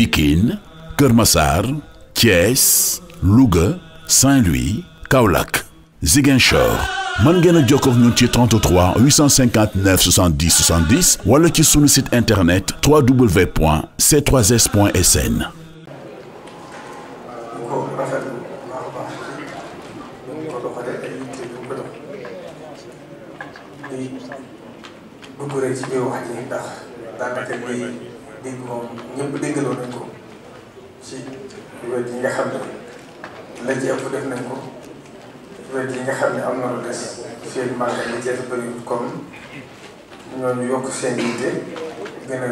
Pikine Kër Massar Thiès Louga Saint-Louis Kaolack Ziguinchor mën ngeen a jokkoo ak ñun ci 33 859 70 wala ci sunu site internet www.c3s.sn. dugg rek ci dégg moom ñëpp déggaloo nañ ko ci wet yi nga xam ne la ci ëpp def nañ ko wet yi nga xam ne am na lu des fii màggal li ci bëri comme ñooñu yokk seen yitte gën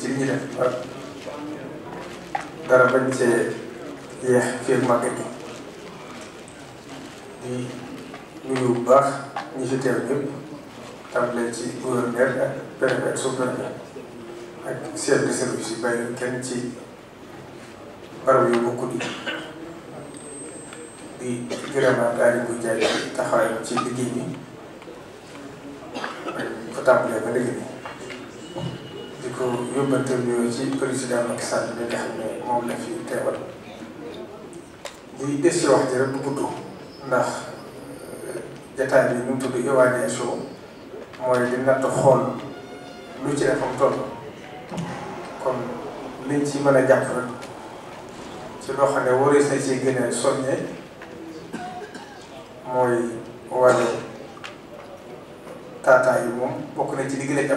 ci li ñu def ak dara bañ cee yeex fii baax ñi fi teew ñëpp tàmbalee ci gouverneur ak préfet sous ak chef de service yi bàyyi kenn ci barab yu bokkul di vraiment daal di koy jaay taxawaayam ci liggéey bi ak ko tàmbalee ba léegi di ko yóbbante nuyoo ci président Macky Sall bi nga xam moom la fi teewal buy des ci wax ji rek bu gudd ndax euh, jataay bi ñu tudd évaluation mooy di natt xool lu ci defam toll kon liñ ci mën a jàpp rek ci loo xam ne warees na ci soññee mooy wàllu taataa yi moom bokk na ci li gën a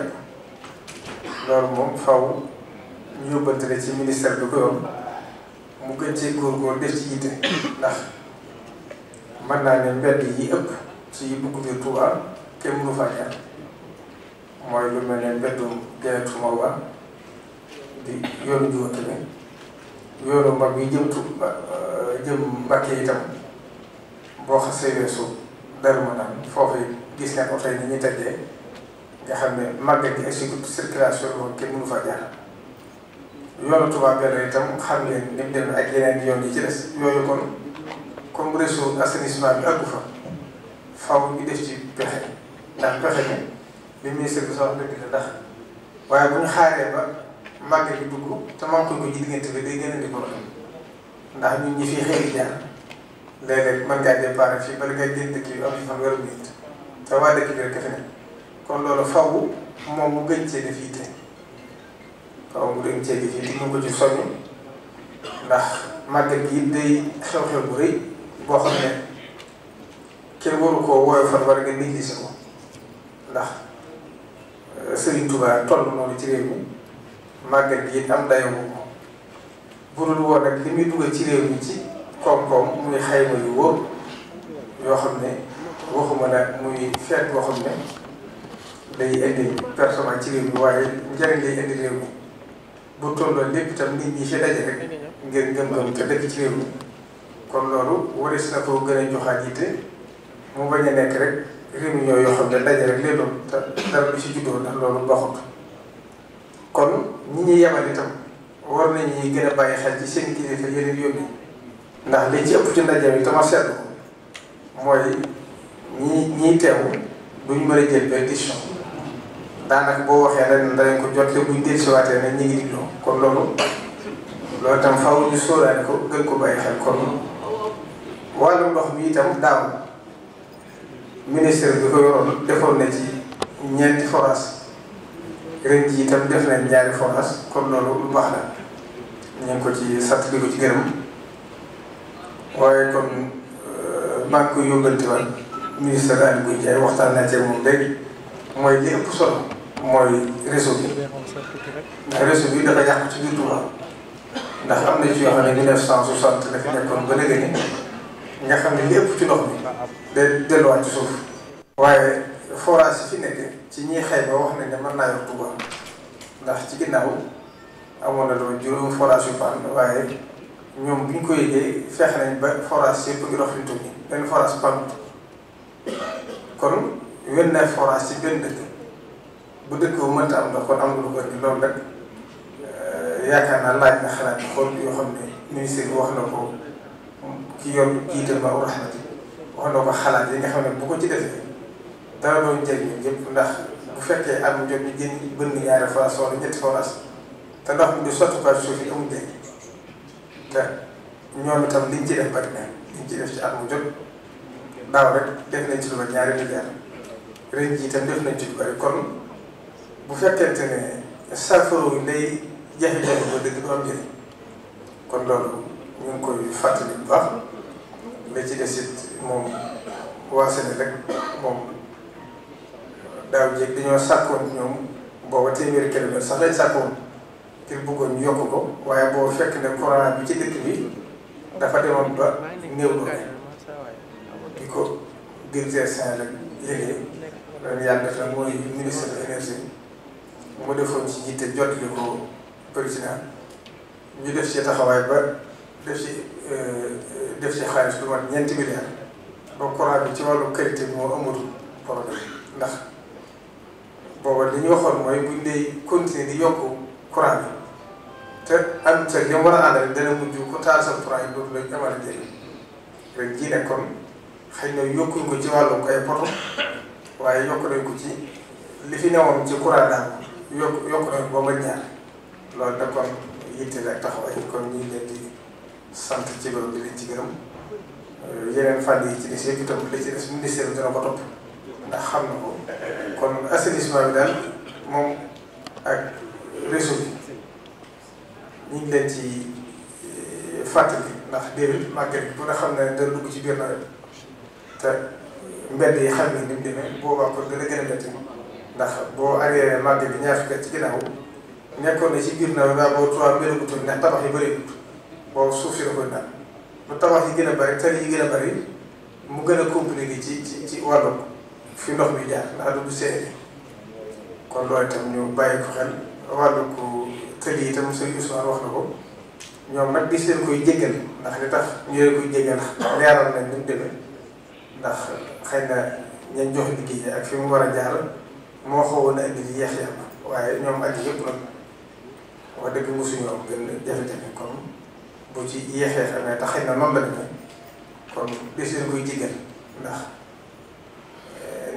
loolu moom faw ñu yóbbante ci ministère bi ko yoon mu gën cee góorgóor def ci yitte ndax mën naa ne mbedd yi ëpp ci bugg biir Touba kenn mënu faa jaar mooy lu mel ne mbeddum Gaye Touba yoonu jubbante bi yoonu mag bi jëm Tuuba euh, jëm Mbàkke itam boo xasee weesu dara ma naan foofu gis nga oto yi ni ñuy tëddee nga xam ne màggal gi ak circulation moom kenn mënu fa jaar yoonu Tuuba benn itam xam ne ni mu ak yeneen yoon yi ci des yooyu kon comme réseau assainissement bi àggu fa faaw ñu def ci pexe ndax pexe bi li ministre bi soo wax dëgg la ndax waaye bu xaaree ba. màggal bi dugg te manqué ko ji diggante bi day gën di ko xam ndax ñun ñi fi xëy jaar léeg-léeg mën ngaa départ fii bala ngaa jël dëkk bi am na fan wala bu it te waa dëkk bi rek fi mu gën cee def yitte faw mu gën cee def yitte mu ko ci soññ ndax màggal gi it day xew-xew bu rëy boo xam ne kenn waru koo woyofal wala nga négligé ko ndax euh, Serigne Touba toll màggal gi it am dayoo boobu budul woon nag li muy dugal ci réew mi ci koom-koom muy xayma yu wóor yoo xam ne waxuma nag muy feet boo xam ne day indi personnel ci réew mi waaye njëriñ lay indi réew mi bu tolloo lépp itam nit ñi si a rek ngir ngëm-ngëm te dëkk ci réew mi kon loolu waris na ko gën a joxaat yitte mu bañ a nekk rek réunion yoo xam ne daje rek lay doon te dara lu ci juddoo ndax kon ñi ñuy yebal itam war nañuy gën a bàyyi xel ci seen kilifa yeneen yóbbi ndax li ci ëpp ci ndaje bi dama seetlu ko mooy ñi ñiy teew duñ mën a jël benn décision daanaka boo waxee ren danañ ko jot te buñ dellusiwaatee nag ñu ngi digloo kon loolu loolu itam faaw ñu ko gën ko bàyyi xel kon wàllu ndox mi itam daaw ministère bi ko yoroon defoon na ci ren jii itam def nañ ñaari forage kon loolu lu baax la ñu ko ci sat bi ko ci gërëm waaye kon euh, maa ko koy yóbbante woon ministre Aly Ngouille Ndiaye waxtaan naa ci moom léegi mooy li ëpp solo mooy réseau bi ndax réseau bi dafa yàqu ci biir Touba ndax am na ci yoo xam ne 1960 la fi nekkoon ba léegi nga xam ne li ëpp ci ndox mi day delluwaat ci suuf waaye. forage yi fi nekk ci ñiy xayma wax nañ ne mën naa yor Touba ndax ci ginnaaw amoon na loolu juróom forage yu fànn waaye ñoom bu ñu ko yëgee fexe nañ ba forage yëpp ngi dox fi mu benn forage panut kon wenn na forage ci benn dëkk bu dëkk bu mënta am ndox kon am na lu ko indi loolu nag euh, yaakaar naa laaj na xalaat bi xool yoo xam ne ministère bi wax na ko ki yor jiite Maou Rahmati wax na ko xalaat yi nga xam ne bu ko ci defee dana doon jëriñ ñëpp ndax bu fekkee am jot ñu génn bënn ñaari forage wala ñetti forage te ndox mi di sotti par suuf ñoom itam liñ ci def bari na liñ ci def ci at mu jot daaw def nañ ci lu ba ñaari milliards ren jii itam ci lu bari kon bu fekkente ne saafara day jafe-jafe ba dëgg du loolu ñu ngi koy fàttali bu baax la ci des it moom waasale rek moom. daaw jéeg dañoo sàkkoon ñoom booba téeméeri kilomètre sax lañ sàkkoon ngir bëggoon yokk ko waaye boo fekk ne courant bi ci dëkk bi dafa demoon ba néew doole di ko directeur Saint la yëgee loolu yàlla def na mooy ministre de l'énergie mu defoon ci jiite jot li ko président ñu def ci taxawaay ba def ci euh, def ci xaalis lu mat ñeenti milliards ba courant bi ci wàllu qualité bi moo amatul problème ndax booba li ñu waxoon mooy buñ dee continuer di yokk courant bi te am sa yam war a àndal dana mujj ku taal sa courant yi dootu lañ amal njëriñ ren ne kon xëy na yokkuñ ko ci wàllu ay poto waaye yokk nañ ko ci li fi newoon ci courant daal yokk yokk nañ ko ba ñaar loolu da kon yitte la ak taxawaay kon ñu leen di sant ci loolu di leen ci gërëm yeneen fànn yi ci des yëpp itam li ci des ministère bi dina ko topp ndax xam na ko kon assainissement bi daal moom ak réseau bi ñu ngi leen ci euh, fàttali ndax déedéet màggal bi bu nga xam ne dana dugg ci biir nawet te mbedd xam ne ni mu demee boobaa ko dana gën a métti ndax boo arrière màggal bi ñaar fukki ci ginnaaw nekkoon na ci biir na daa boo tubaab mbedd bu tudd ndax tabax yi bëri boo suuf si la koy naan lu tabax yi gën a bëri tali yi gën a bëri mu gën a compliqué ci ci ci wàllum. fi ndox mi jaar ndax du seere kon loolu itam ñu bàyyi ko xel wàllu ko tëli itam sëñ Ousmane wax na ko ñoom nag gis leen koy jéggal ndax li tax ñu leen koy jéggal leeral nañ ni mu demee ndax xëy na ñañ jox liggéey fi mu war a jaar moo xawoon a waaye ñoom at yëpp nag wax dëgg mosuñu am gën jafe kon bu ci yeexee xamee tax xëy na noonu la demee kon gis koy jéggal ndax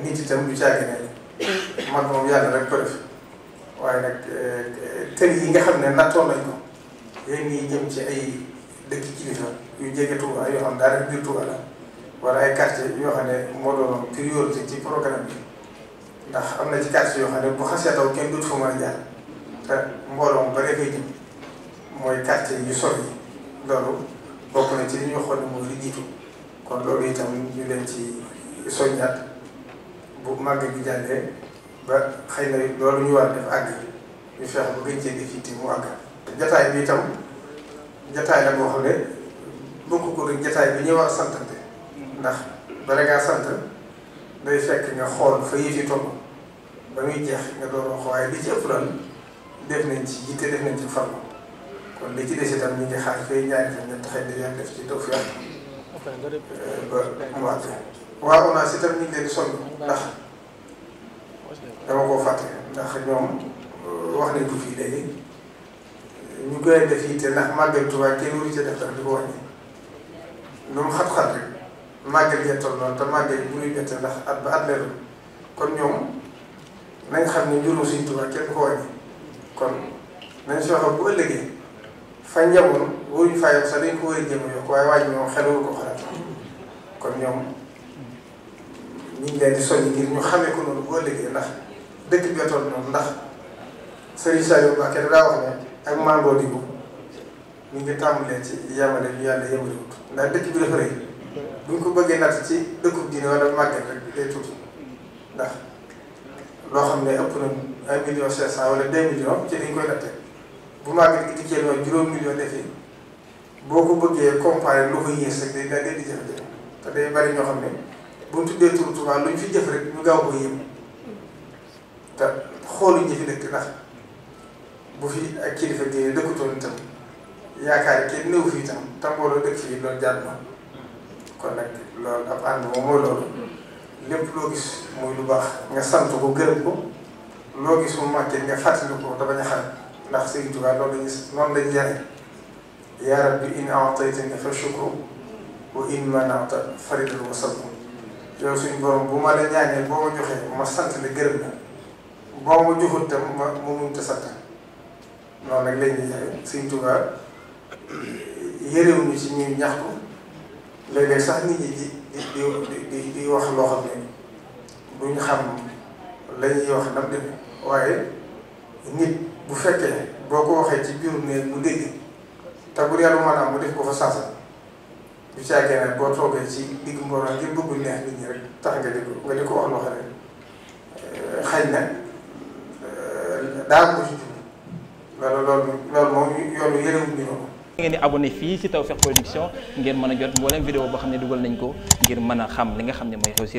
nit itam du caagi ne man moom yàlla rek ko def waaye nag eh, eh, tër yi nga xam ne nattoo nañ ko yéen ñii jëm ci ay dëkk kilifa yu jege Touba yoo xam ne daanaka biir Touba la wala ay quartier yoo xam ne moo doonoon priorité ci programme bi ndax am na ci quartier yoo xam ne bu xasee taw kenn dut fa mën a jaar te mbooloo mu bare fay jëm mooy quartier yu sori loolu bokk na ci li ñu waxoon ne mooy li jiitu kon loolu itam ñu leen ci soññaat bu màgg gi jàllee ba xëy na loolu ñu war def àgg ñu fexe ba gën cee def yitte mu àgg. jataay bi itam jataay la boo xam ne bokk ko rek jataay bi ñuy wax santante ndax bala ngaa sant day fekk nga xool fa yëf yi toll ba muy jeex nga doon wax waaye li ci ëpp daal def nañ ci yitte def nañ ci farlu kon li ci des itam ñu ngi xaar fay ñaari fan ñett xëy na yàlla def ci taw fi eh, ba mu àgg waa ONAS itam ñu ngi leen di soññ ndax dama koo fàtte ndax euh, wax nañ ko fii léegi ñu koy def yi te ndax màggal Tuubaa kenn waru ca def dara di ko wàññi lu mu xat-xat rek màggal ya toll noonu te màggal bu ñuy bette ndax at ba at leerul kon ñoom nañ xam ne njurum suñu Tuubaa kenn ko wàññi kon nañ soxla bu ëllëgee fa njaboon waruñu ko war a jëm yokk waaye wàññi moom xel waru ko xalaat kon ñoom ñu ngi leen di soññ ngir ñu xamee ko noonu boo léegi ndax dëkk bi toll noonu ndax Serigne Saliou Mbacké daa wax ne ak màngoo diggu ñu ngi tàmbalee ci yamale ñu yàlla yamaliwut ndax dëkk bi dafa rëy buñ ko bëggee natt ci dëkkub diine wala màggal rek day tuuti ndax loo xam ne ëpp na un million cinq cent wala deux millions ci dañ bu màggal gi dikkee noonu juróom million defi boo ko bëggee comparé lu ko yées rek day daal di jafe-jafe te day bari ñoo xam ne bu ñu tuddee turu Tuubaa lu fi jëf rek ñu gaaw ko yëm te xoolu ñi fi dëkk ndax bu fi ak kilifa diine dëkkutoon itam yaakaar kenn néew fii itam tàmbooloo dëkk fii loolu jàll na kon nag loolu ab ànd moom mooy loolu lépp loo gis muy lu baax nga sant ko gërëm ko loo gis mu màccee nga fàttali ko dafa ñu xam ndax Sëriñ Tuubaa loolu lañu noonu lañu yare yaa rabbi in a'taytani fa shukru wa in mana'ta faridun wa sabru yow suñu borom bu ma la ñaanee boo ma joxee ma sant la gërëm la boo ma joxut tam ma ma mënut a sant noonu nag lañ ñuy Sëñ Tuubaa yërewuñu ci ñaxtu léeg-léeg sax nit ñi di di di di wax loo xam ne duñ xam la ñuy wax nam dem waaye nit bu fekkee boo ko waxee ci biiru ne mu dégg te bu dee lu maanaam mu def ko fa saasa du caagee nag boo toogee ci digg mbooloo ngir bëgg neex nit ñi rek tax nga di nga di wax loo xam ne euh, na euh, daal ko ci jublu loolu loolu loolu moom yoonu yërëmu ñu ko. ngeen di abonné fii ci Tawfekh Production ngeen mën a jot mboolem vidéo boo xam ne dugal nañ ko ngir mën a xam li nga xam ne mooy xew ci